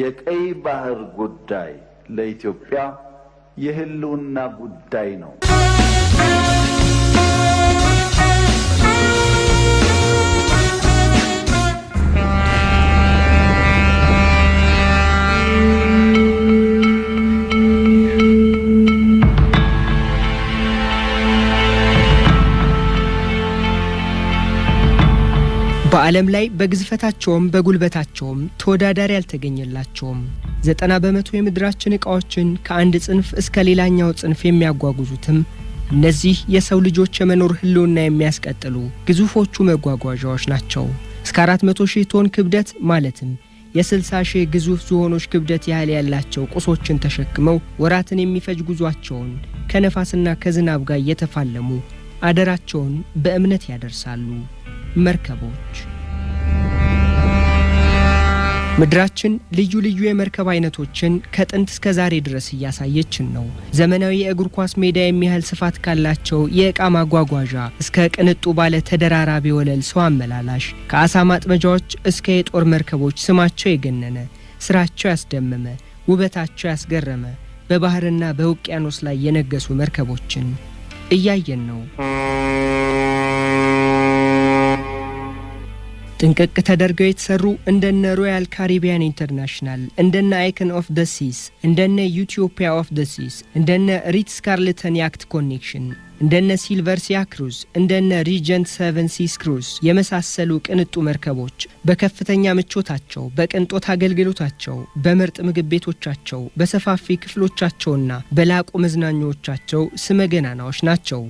የቀይ ባህር ጉዳይ ለኢትዮጵያ የህልውና ጉዳይ ነው። በዓለም ላይ በግዝፈታቸውም በጉልበታቸውም ተወዳዳሪ አልተገኘላቸውም። ዘጠና በመቶ የምድራችን ዕቃዎችን ከአንድ ጽንፍ እስከ ሌላኛው ጽንፍ የሚያጓጉዙትም እነዚህ የሰው ልጆች የመኖር ህልውና የሚያስቀጥሉ ግዙፎቹ መጓጓዣዎች ናቸው። እስከ 400 ሺህ ቶን ክብደት ማለትም የ60 ሺህ ግዙፍ ዝሆኖች ክብደት ያህል ያላቸው ቁሶችን ተሸክመው ወራትን የሚፈጅ ጉዟቸውን ከነፋስና ከዝናብ ጋር እየተፋለሙ አደራቸውን በእምነት ያደርሳሉ መርከቦች ምድራችን ልዩ ልዩ የመርከብ አይነቶችን ከጥንት እስከ ዛሬ ድረስ እያሳየችን ነው። ዘመናዊ የእግር ኳስ ሜዳ የሚያህል ስፋት ካላቸው የእቃ ማጓጓዣ እስከ ቅንጡ ባለ ተደራራቢ ወለል ሰው አመላላሽ፣ ከአሳ ማጥመጃዎች እስከ የጦር መርከቦች ስማቸው የገነነ፣ ስራቸው ያስደመመ፣ ውበታቸው ያስገረመ በባህርና በውቅያኖስ ላይ የነገሱ መርከቦችን እያየን ነው። ጥንቅቅ ተደርገው የተሰሩ እንደነ ሮያል ካሪቢያን ኢንተርናሽናል፣ እንደነ አይከን ኦፍ ደ ሲስ፣ እንደነ ዩቲዮፒያ ኦፍ ደ ሲስ፣ እንደነ ሪትስ ካርልተን ያክት ኮኔክሽን፣ እንደነ ሲልቨር ሲያ ክሩዝ፣ እንደነ ሪጀንት ሰቨን ሲስ ክሩዝ የመሳሰሉ ቅንጡ መርከቦች በከፍተኛ ምቾታቸው፣ በቅንጦት አገልግሎታቸው፣ በምርጥ ምግብ ቤቶቻቸው፣ በሰፋፊ ክፍሎቻቸውና በላቁ መዝናኛዎቻቸው ስመገናናዎች ናቸው።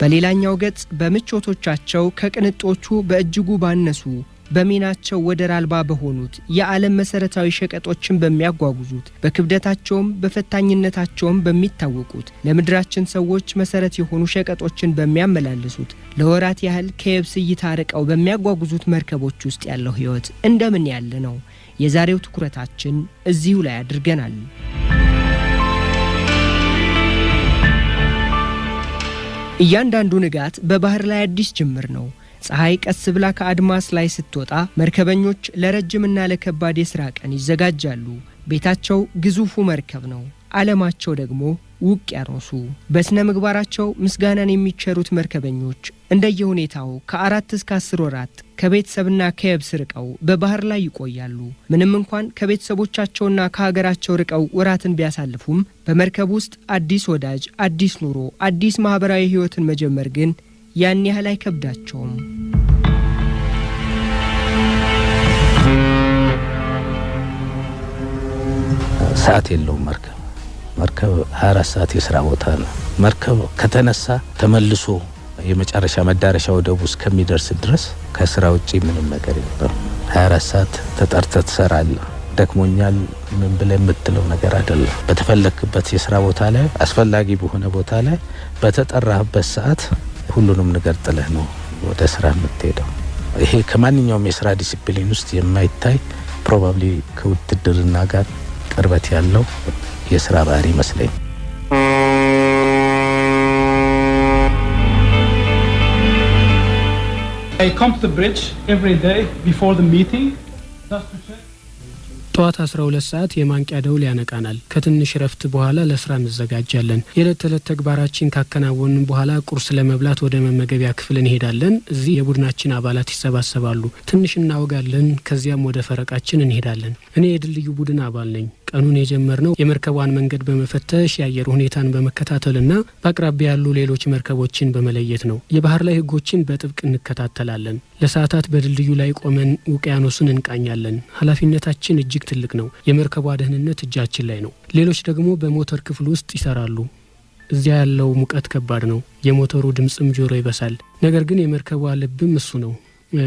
በሌላኛው ገጽ በምቾቶቻቸው ከቅንጦቹ በእጅጉ ባነሱ በሚናቸው ወደር አልባ በሆኑት የዓለም መሰረታዊ ሸቀጦችን በሚያጓጉዙት በክብደታቸውም በፈታኝነታቸውም በሚታወቁት ለምድራችን ሰዎች መሰረት የሆኑ ሸቀጦችን በሚያመላልሱት ለወራት ያህል ከየብስ እይታ ርቀው በሚያጓጉዙት መርከቦች ውስጥ ያለው ሕይወት እንደምን ያለ ነው? የዛሬው ትኩረታችን እዚሁ ላይ አድርገናል። እያንዳንዱ ንጋት በባህር ላይ አዲስ ጅምር ነው። ፀሐይ ቀስ ብላ ከአድማስ ላይ ስትወጣ መርከበኞች ለረጅምና ለከባድ የሥራ ቀን ይዘጋጃሉ። ቤታቸው ግዙፉ መርከብ ነው። ዓለማቸው ደግሞ ውቅያኖሱ በሥነ ምግባራቸው ምስጋናን የሚቸሩት መርከበኞች እንደየሁኔታው ከአራት እስከ አስር ወራት ከቤተሰብና ከየብስ ርቀው በባህር ላይ ይቆያሉ። ምንም እንኳን ከቤተሰቦቻቸውና ከሀገራቸው ርቀው ወራትን ቢያሳልፉም በመርከብ ውስጥ አዲስ ወዳጅ፣ አዲስ ኑሮ፣ አዲስ ማኅበራዊ ሕይወትን መጀመር ግን ያን ያህል አይከብዳቸውም። ሰዓት የለውም መርከብ መርከብ 24 ሰዓት የስራ ቦታ ነው። መርከብ ከተነሳ ተመልሶ የመጨረሻ መዳረሻ ወደቡ እስከሚደርስ ድረስ ከስራ ውጭ ምንም ነገር የለም። 24 ሰዓት ተጠርተ ትሰራለ። ደክሞኛል ምን ብለ የምትለው ነገር አይደለም። በተፈለክበት የስራ ቦታ ላይ አስፈላጊ በሆነ ቦታ ላይ በተጠራህበት ሰዓት ሁሉንም ነገር ጥለህ ነው ወደ ስራ የምትሄደው። ይሄ ከማንኛውም የስራ ዲሲፕሊን ውስጥ የማይታይ ፕሮባብሊ ከውትድርና ጋር ቅርበት ያለው የስራ ባህሪ ይመስለኝ። ጠዋት 12 ሰዓት የማንቂያ ደውል ያነቃናል። ከትንሽ ረፍት በኋላ ለስራ እንዘጋጃለን። የዕለት ተዕለት ተግባራችን ካከናወን በኋላ ቁርስ ለመብላት ወደ መመገቢያ ክፍል እንሄዳለን። እዚህ የቡድናችን አባላት ይሰባሰባሉ። ትንሽ እናወጋለን። ከዚያም ወደ ፈረቃችን እንሄዳለን። እኔ የድልድዩ ቡድን አባል ነኝ። ቀኑን የጀመርነው የመርከቧን መንገድ በመፈተሽ የአየር ሁኔታን በመከታተልና በአቅራቢያ ያሉ ሌሎች መርከቦችን በመለየት ነው። የባህር ላይ ህጎችን በጥብቅ እንከታተላለን። ለሰዓታት በድልድዩ ላይ ቆመን ውቅያኖሱን እንቃኛለን። ኃላፊነታችን እጅግ ትልቅ ነው። የመርከቧ ደህንነት እጃችን ላይ ነው። ሌሎች ደግሞ በሞተር ክፍል ውስጥ ይሰራሉ። እዚያ ያለው ሙቀት ከባድ ነው። የሞተሩ ድምፅም ጆሮ ይበሳል። ነገር ግን የመርከቧ ልብም እሱ ነው።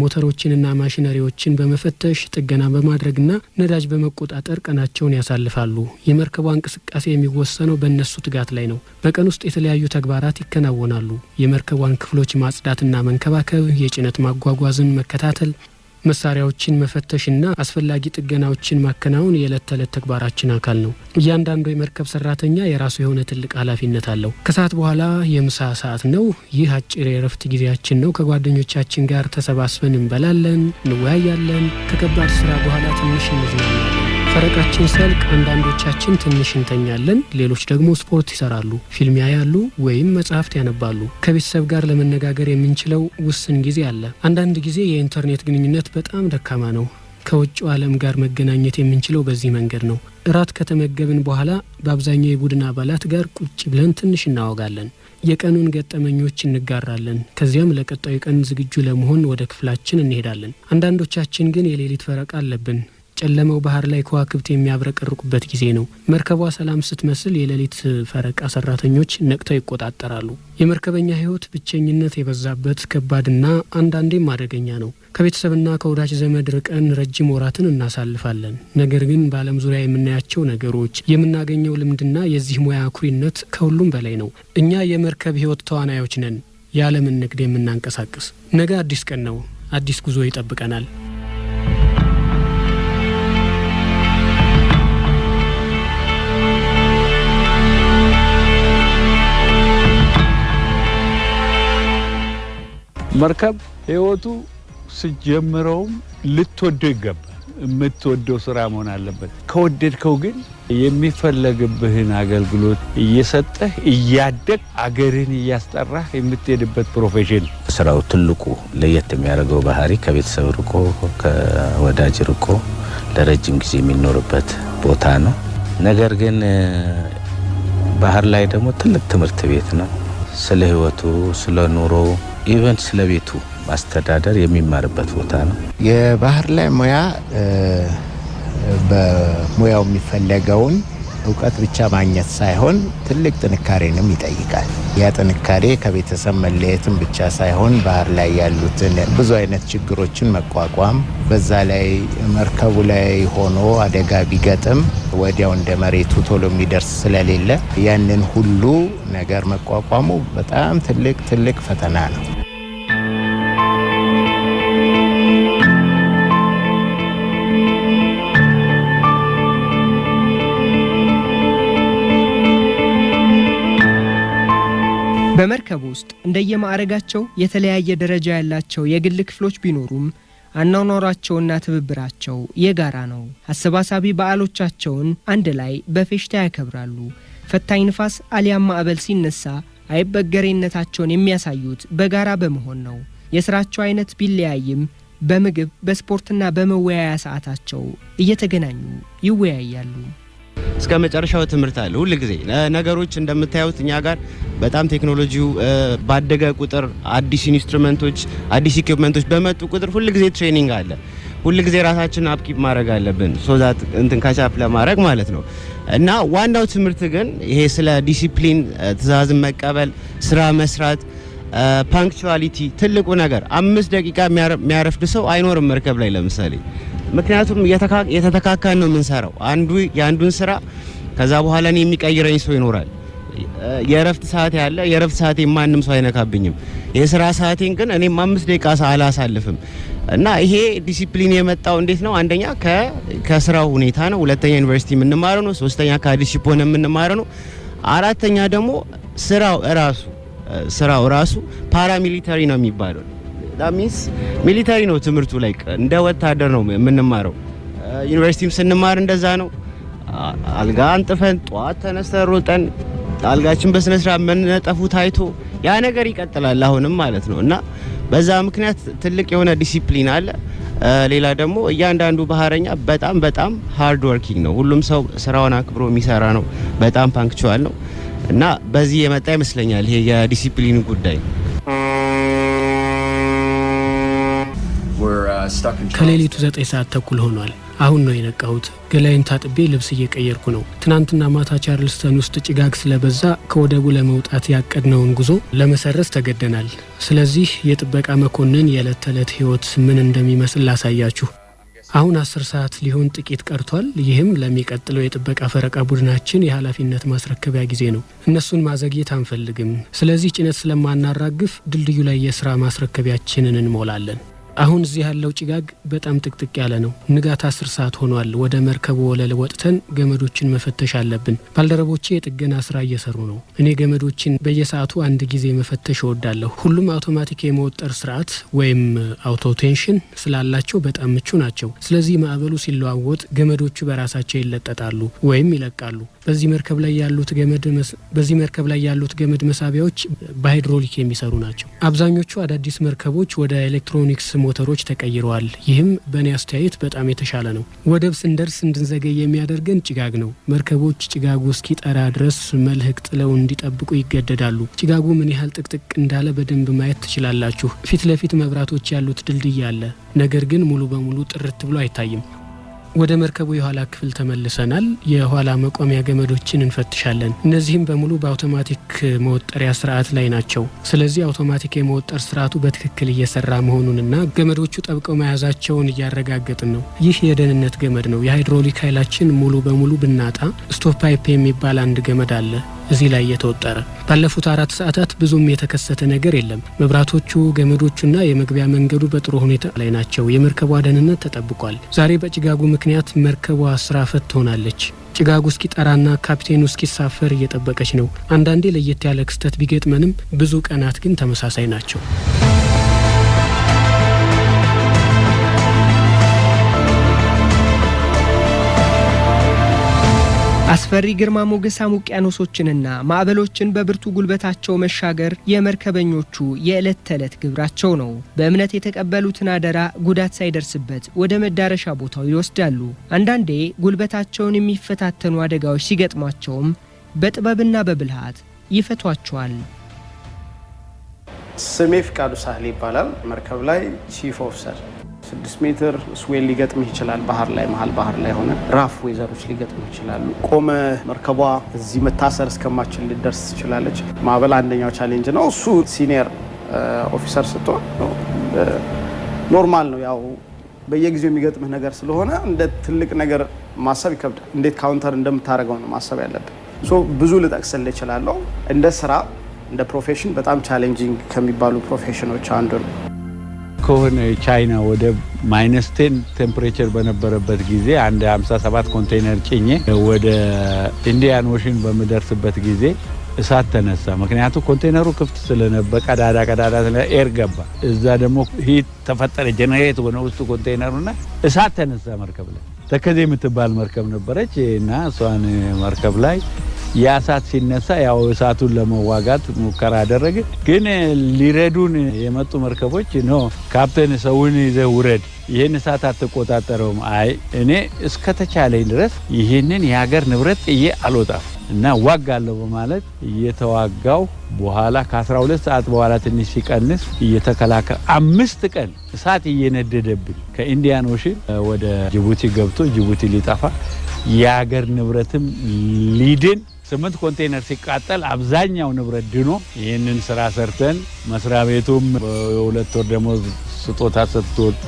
ሞተሮችንና ማሽነሪዎችን በመፈተሽ ጥገና በማድረግና ነዳጅ በመቆጣጠር ቀናቸውን ያሳልፋሉ። የመርከቧ እንቅስቃሴ የሚወሰነው በእነሱ ትጋት ላይ ነው። በቀን ውስጥ የተለያዩ ተግባራት ይከናወናሉ። የመርከቧን ክፍሎች ማጽዳትና መንከባከብ፣ የጭነት ማጓጓዝን መከታተል፣ መሳሪያዎችን መፈተሽና አስፈላጊ ጥገናዎችን ማከናወን የዕለት ተዕለት ተግባራችን አካል ነው። እያንዳንዱ የመርከብ ሰራተኛ የራሱ የሆነ ትልቅ ኃላፊነት አለው። ከሰዓት በኋላ የምሳ ሰዓት ነው። ይህ አጭር የእረፍት ጊዜያችን ነው። ከጓደኞቻችን ጋር ተሰባስበን እንበላለን፣ እንወያያለን። ከከባድ ስራ በኋላ ትንሽ እንዝናናለን። ፈረቃችን ሲያልቅ አንዳንዶቻችን ትንሽ እንተኛለን፣ ሌሎች ደግሞ ስፖርት ይሰራሉ፣ ፊልም ያያሉ ወይም መጽሐፍት ያነባሉ። ከቤተሰብ ጋር ለመነጋገር የምንችለው ውስን ጊዜ አለ። አንዳንድ ጊዜ የኢንተርኔት ግንኙነት በጣም ደካማ ነው። ከውጭው ዓለም ጋር መገናኘት የምንችለው በዚህ መንገድ ነው። እራት ከተመገብን በኋላ በአብዛኛው የቡድን አባላት ጋር ቁጭ ብለን ትንሽ እናወጋለን። የቀኑን ገጠመኞች እንጋራለን። ከዚያም ለቀጣዩ ቀን ዝግጁ ለመሆን ወደ ክፍላችን እንሄዳለን። አንዳንዶቻችን ግን የሌሊት ፈረቃ አለብን። በጨለመው ባህር ላይ ከዋክብት የሚያብረቀርቁበት ጊዜ ነው። መርከቧ ሰላም ስትመስል የሌሊት ፈረቃ ሰራተኞች ነቅተው ይቆጣጠራሉ። የመርከበኛ ህይወት ብቸኝነት የበዛበት ከባድና አንዳንዴም አደገኛ ነው። ከቤተሰብና ከወዳጅ ዘመድ ርቀን ረጅም ወራትን እናሳልፋለን። ነገር ግን በዓለም ዙሪያ የምናያቸው ነገሮች፣ የምናገኘው ልምድና የዚህ ሙያ ኩሪነት ከሁሉም በላይ ነው። እኛ የመርከብ ህይወት ተዋናዮች ነን፣ የዓለምን ንግድ የምናንቀሳቅስ። ነገ አዲስ ቀን ነው። አዲስ ጉዞ ይጠብቀናል። መርከብ ህይወቱ ስጀምረውም ልትወደው ይገባል። የምትወደው ስራ መሆን አለበት። ከወደድከው ግን የሚፈለግብህን አገልግሎት እየሰጠህ እያደግ አገርህን እያስጠራህ የምትሄድበት ፕሮፌሽን። ስራው ትልቁ ለየት የሚያደርገው ባህሪ ከቤተሰብ ርቆ ከወዳጅ ርቆ ለረጅም ጊዜ የሚኖርበት ቦታ ነው። ነገር ግን ባህር ላይ ደግሞ ትልቅ ትምህርት ቤት ነው። ስለ ህይወቱ ስለ ኑሮው ኢቨንት ስለ ቤቱ ማስተዳደር የሚማርበት ቦታ ነው። የባህር ላይ ሙያ በሙያው የሚፈለገውን እውቀት ብቻ ማግኘት ሳይሆን ትልቅ ጥንካሬንም ይጠይቃል። ያ ጥንካሬ ከቤተሰብ መለየትም ብቻ ሳይሆን ባህር ላይ ያሉትን ብዙ አይነት ችግሮችን መቋቋም፣ በዛ ላይ መርከቡ ላይ ሆኖ አደጋ ቢገጥም ወዲያው እንደ መሬቱ ቶሎ የሚደርስ ስለሌለ ያንን ሁሉ ነገር መቋቋሙ በጣም ትልቅ ትልቅ ፈተና ነው። በመርከብ ውስጥ እንደየማዕረጋቸው የተለያየ ደረጃ ያላቸው የግል ክፍሎች ቢኖሩም አኗኗራቸውና ትብብራቸው የጋራ ነው። አሰባሳቢ በዓሎቻቸውን አንድ ላይ በፌሽታ ያከብራሉ። ፈታኝ ንፋስ አሊያም ማዕበል ሲነሳ አይበገሬነታቸውን የሚያሳዩት በጋራ በመሆን ነው። የስራቸው አይነት ቢለያይም በምግብ በስፖርትና በመወያያ ሰዓታቸው እየተገናኙ ይወያያሉ። እስከ መጨረሻው ትምህርት አለ። ሁል ጊዜ ነገሮች እንደምታዩት እኛ ጋር በጣም ቴክኖሎጂው ባደገ ቁጥር አዲስ ኢንስትሩመንቶች፣ አዲስ ኢኩፕመንቶች በመጡ ቁጥር ሁል ጊዜ ትሬኒንግ አለ። ሁል ጊዜ ራሳችንን አፕኪፕ ማድረግ አለብን፣ ሶዛት እንትን ካቻፕ ለማድረግ ማለት ነው። እና ዋናው ትምህርት ግን ይሄ ስለ ዲሲፕሊን፣ ትእዛዝን መቀበል፣ ስራ መስራት፣ ፓንክቹዋሊቲ ትልቁ ነገር። አምስት ደቂቃ የሚያረፍድ ሰው አይኖርም መርከብ ላይ ለምሳሌ ምክንያቱም የተተካካን ነው የምንሰራው። አንዱ የአንዱን ስራ ከዛ በኋላ እኔ የሚቀይረኝ ሰው ይኖራል። የእረፍት ሰዓት ያለ የእረፍት ሰዓቴ ማንም ሰው አይነካብኝም። የስራ ሰዓቴን ግን እኔም አምስት ደቂቃ አላሳልፍም እና ይሄ ዲሲፕሊን የመጣው እንዴት ነው? አንደኛ ከስራው ሁኔታ ነው። ሁለተኛ ዩኒቨርሲቲ የምንማረ ነው። ሶስተኛ ከዲሲፕሊን የምንማረው ነው። አራተኛ ደግሞ ስራው ራሱ ስራው ራሱ ፓራሚሊተሪ ነው የሚባለው ዳሚንስ ሚሊተሪ ነው ትምህርቱ ላይ እንደ ወታደር ነው የምንማረው። ዩኒቨርሲቲም uh, ስንማር እንደዛ ነው። uh, አልጋ አንጥፈን ጠዋት ተነስተን ሮጠን አልጋችን በስነ ስርዓት መነጠፉ ታይቶ ያ ነገር ይቀጥላል አሁንም ማለት ነው እና በዛ ምክንያት ትልቅ የሆነ ዲሲፕሊን አለ። uh, ሌላ ደግሞ እያንዳንዱ ባህረኛ በጣም በጣም ሃርድ ወርኪንግ ነው። ሁሉም ሰው ስራውን አክብሮ የሚሰራ ነው። በጣም ፓንክቹዋል ነው እና በዚህ የመጣ ይመስለኛል ይሄ የዲሲፕሊን ጉዳይ ከሌሊቱ ዘጠኝ ሰዓት ተኩል ሆኗል። አሁን ነው የነቃሁት። ገላይን ታጥቤ ልብስ እየቀየርኩ ነው። ትናንትና ማታ ቻርልስተን ውስጥ ጭጋግ ስለበዛ ከወደቡ ለመውጣት ያቀድነውን ጉዞ ለመሰረዝ ተገደናል። ስለዚህ የጥበቃ መኮንን የዕለት ተዕለት ሕይወት ምን እንደሚመስል ላሳያችሁ። አሁን አስር ሰዓት ሊሆን ጥቂት ቀርቷል። ይህም ለሚቀጥለው የጥበቃ ፈረቃ ቡድናችን የኃላፊነት ማስረከቢያ ጊዜ ነው። እነሱን ማዘግየት አንፈልግም። ስለዚህ ጭነት ስለማናራግፍ ድልድዩ ላይ የስራ ማስረከቢያችንን እንሞላለን። አሁን እዚህ ያለው ጭጋግ በጣም ጥቅጥቅ ያለ ነው። ንጋት አስር ሰዓት ሆኗል። ወደ መርከቡ ወለል ወጥተን ገመዶችን መፈተሽ አለብን። ባልደረቦቼ የጥገና ስራ እየሰሩ ነው። እኔ ገመዶችን በየሰዓቱ አንድ ጊዜ መፈተሽ እወዳለሁ። ሁሉም አውቶማቲክ የመወጠር ስርዓት ወይም አውቶቴንሽን ስላላቸው በጣም ምቹ ናቸው። ስለዚህ ማዕበሉ ሲለዋወጥ ገመዶቹ በራሳቸው ይለጠጣሉ ወይም ይለቃሉ። በዚህ መርከብ ላይ ያሉት ገመድ በዚህ መርከብ ላይ ያሉት ገመድ መሳቢያዎች በሃይድሮሊክ የሚሰሩ ናቸው። አብዛኞቹ አዳዲስ መርከቦች ወደ ኤሌክትሮኒክስ ሞተሮች ተቀይረዋል። ይህም በእኔ አስተያየት በጣም የተሻለ ነው። ወደብ ስንደርስ እንድንዘገይ የሚያደርገን ጭጋግ ነው። መርከቦች ጭጋጉ እስኪጠራ ድረስ መልህቅ ጥለው እንዲጠብቁ ይገደዳሉ። ጭጋጉ ምን ያህል ጥቅጥቅ እንዳለ በደንብ ማየት ትችላላችሁ። ፊት ለፊት መብራቶች ያሉት ድልድይ አለ፣ ነገር ግን ሙሉ በሙሉ ጥርት ብሎ አይታይም። ወደ መርከቡ የኋላ ክፍል ተመልሰናል። የኋላ መቆሚያ ገመዶችን እንፈትሻለን። እነዚህም በሙሉ በአውቶማቲክ መወጠሪያ ስርዓት ላይ ናቸው። ስለዚህ አውቶማቲክ የመወጠር ስርዓቱ በትክክል እየሰራ መሆኑንና ገመዶቹ ጠብቀው መያዛቸውን እያረጋገጥን ነው። ይህ የደህንነት ገመድ ነው። የሃይድሮሊክ ኃይላችን ሙሉ በሙሉ ብናጣ ስቶፕ ፓይፕ የሚባል አንድ ገመድ አለ እዚህ ላይ እየተወጠረ። ባለፉት አራት ሰዓታት ብዙም የተከሰተ ነገር የለም። መብራቶቹ፣ ገመዶቹና የመግቢያ መንገዱ በጥሩ ሁኔታ ላይ ናቸው። የመርከቧ ደህንነት ተጠብቋል። ዛሬ በጭጋጉ ምክንያት መርከቧ ስራ ፈት ትሆናለች። ጭጋጉ እስኪጠራና ካፕቴኑ እስኪሳፈር እየጠበቀች ነው። አንዳንዴ ለየት ያለ ክስተት ቢገጥመንም ብዙ ቀናት ግን ተመሳሳይ ናቸው። አስፈሪ ግርማ ሞገሳም ውቅያኖሶችንና ማዕበሎችን በብርቱ ጉልበታቸው መሻገር የመርከበኞቹ የዕለት ተዕለት ግብራቸው ነው። በእምነት የተቀበሉትን አደራ ጉዳት ሳይደርስበት ወደ መዳረሻ ቦታው ይወስዳሉ። አንዳንዴ ጉልበታቸውን የሚፈታተኑ አደጋዎች ሲገጥሟቸውም በጥበብና በብልሃት ይፈቷቸዋል። ስሜ ፍቃዱ ሳህል ይባላል። መርከብ ላይ ቺፍ ኦፍሰር ስድስት ሜትር ስዌል ሊገጥምህ ይችላል። ባህር ላይ መሀል ባህር ላይ ሆነ ራፍ ወይዘሮች ሊገጥምህ ይችላሉ። ቆመ መርከቧ እዚህ መታሰር እስከማችል ልደርስ ትችላለች። ማዕበል አንደኛው ቻሌንጅ ነው። እሱ ሲኒየር ኦፊሰር ስትሆን ኖርማል ነው። ያው በየጊዜው የሚገጥምህ ነገር ስለሆነ እንደ ትልቅ ነገር ማሰብ ይከብዳል። እንዴት ካውንተር እንደምታደርገው ነው ማሰብ ያለብን። ብዙ ልጠቅስል እችላለሁ። እንደ ስራ እንደ ፕሮፌሽን በጣም ቻሌንጂንግ ከሚባሉ ፕሮፌሽኖች አንዱ ነው። ከሆነ የቻይና ወደ ማይነስ ቴን ቴምፕሬቸር በነበረበት ጊዜ አንድ 57 ኮንቴይነር ጭኜ ወደ ኢንዲያን ኦሽን በምደርስበት ጊዜ እሳት ተነሳ። ምክንያቱ ኮንቴነሩ ክፍት ስለነበር ቀዳዳ ቀዳዳ ኤር ገባ። እዛ ደግሞ ሂት ተፈጠረ፣ ጀነሬት ሆነ ውስጡ ኮንቴነሩና እሳት ተነሳ። መርከብ ላይ ተከዜ የምትባል መርከብ ነበረች እና እሷን መርከብ ላይ ያ እሳት ሲነሳ ያው እሳቱን ለመዋጋት ሙከራ አደረገ። ግን ሊረዱን የመጡ መርከቦች ኖ ካፕቴን፣ ሰውን ይዘ ውረድ፣ ይህን እሳት አትቆጣጠረውም። አይ እኔ እስከተቻለኝ ድረስ ይህንን የሀገር ንብረት ጥዬ አልወጣም እና ዋጋለሁ በማለት እየተዋጋው በኋላ ከ12 ሰዓት በኋላ ትንሽ ሲቀንስ እየተከላከለ አምስት ቀን እሳት እየነደደብን ከኢንዲያን ኦሽን ወደ ጅቡቲ ገብቶ ጅቡቲ ሊጠፋ የሀገር ንብረትም ሊድን ስምንት ኮንቴነር ሲቃጠል አብዛኛው ንብረት ድኖ ይህንን ስራ ሰርተን መስሪያ ቤቱም የሁለት ወር ደግሞ ስጦታ ሰጥቶት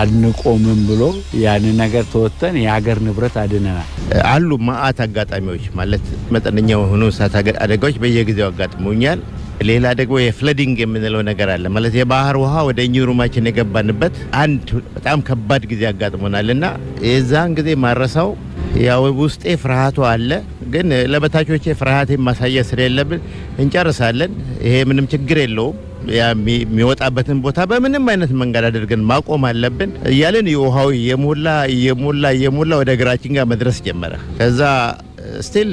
አንቆምም ብሎ ያንን ነገር ተወጥተን የሀገር ንብረት አድነናል። አሉ ማአት አጋጣሚዎች ማለት መጠነኛ የሆኑ እሳት አደጋዎች በየጊዜው አጋጥሞኛል። ሌላ ደግሞ የፍለዲንግ የምንለው ነገር አለ። ማለት የባህር ውሃ ወደ ሩማችን የገባንበት አንድ በጣም ከባድ ጊዜ አጋጥሞናል እና የዛን ጊዜ ማረሳው ያው ውስጤ ፍርሃቱ አለ ግን ለበታቾቼ ፍርሃት ማሳየት ስለሌለብን እንጨርሳለን። ይሄ ምንም ችግር የለውም። የሚወጣበትን ቦታ በምንም አይነት መንገድ አድርገን ማቆም አለብን እያለን የውሃዊ የሞላ የሞላ የሞላ ወደ እግራችን ጋር መድረስ ጀመረ። ከዛ ስቲል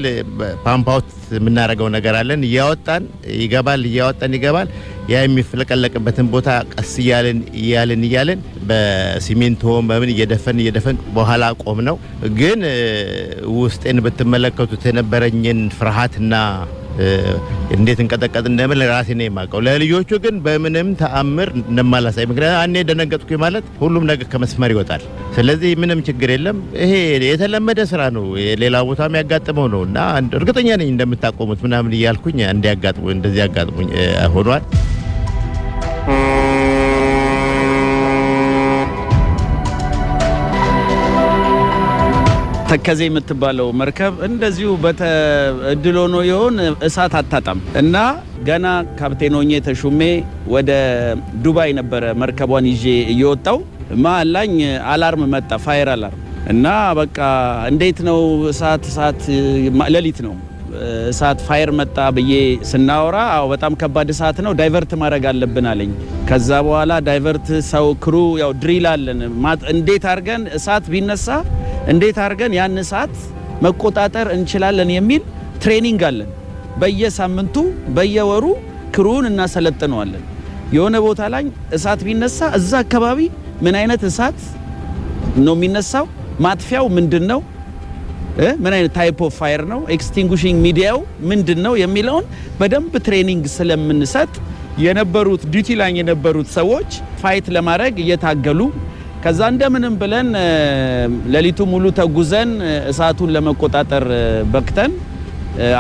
ፓምፓውት የምናደርገው ነገር አለን። እያወጣን ይገባል፣ እያወጣን ይገባል። ያ የሚፍለቀለቅበትን ቦታ ቀስ እያልን እያልን እያልን በሲሚንቶ በምን እየደፈን እየደፈን በኋላ ቆም ነው። ግን ውስጤን ብትመለከቱት የነበረኝን ፍርሃትና እንዴት እንቀጠቀጥ እንደምን ራሴ ነው የማውቀው። ለልጆቹ ግን በምንም ተአምር እንደማላሳይ፣ ምክንያት አኔ ደነገጥኩኝ ማለት ሁሉም ነገር ከመስመር ይወጣል። ስለዚህ ምንም ችግር የለም። ይሄ የተለመደ ስራ ነው፣ ሌላ ቦታ የሚያጋጥመው ነው እና እርግጠኛ ነኝ እንደምታቆሙት ምናምን እያልኩኝ እንዲያጋጥሙ እንደዚህ ያጋጥሙኝ ሆኗል። ተከዜ የምትባለው መርከብ እንደዚሁ በእድል ሆኖ የሆን እሳት አታጣም እና ገና ካፕቴን ሆኜ ተሹሜ ወደ ዱባይ ነበረ መርከቧን ይዤ እየወጣው ማላኝ አላርም መጣ፣ ፋየር አላርም እና በቃ እንዴት ነው እሳት እሳት ሌሊት ነው እሳት ፋየር መጣ ብዬ ስናወራ አዎ በጣም ከባድ እሳት ነው፣ ዳይቨርት ማድረግ አለብን አለኝ። ከዛ በኋላ ዳይቨርት ሰው ክሩ ያው ድሪል አለን እንዴት አድርገን እሳት ቢነሳ እንዴት አድርገን ያን ሰዓት መቆጣጠር እንችላለን የሚል ትሬኒንግ አለን። በየሳምንቱ በየወሩ ክሩን እናሰለጥነዋለን። የሆነ ቦታ ላይ እሳት ቢነሳ እዛ አካባቢ ምን አይነት እሳት ነው የሚነሳው? ማጥፊያው ምንድን ነው? ምን አይነት ታይፕ ኦፍ ፋየር ነው? ኤክስቲንጉሽንግ ሚዲያው ምንድን ነው የሚለውን በደንብ ትሬኒንግ ስለምንሰጥ የነበሩት ዲቲ ላይ የነበሩት ሰዎች ፋይት ለማድረግ እየታገሉ ከዛ እንደምንም ብለን ሌሊቱ ሙሉ ተጉዘን እሳቱን ለመቆጣጠር በክተን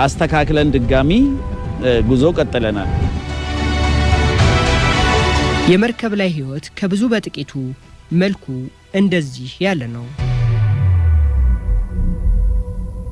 አስተካክለን ድጋሚ ጉዞ ቀጥለናል። የመርከብ ላይ ህይወት ከብዙ በጥቂቱ መልኩ እንደዚህ ያለ ነው።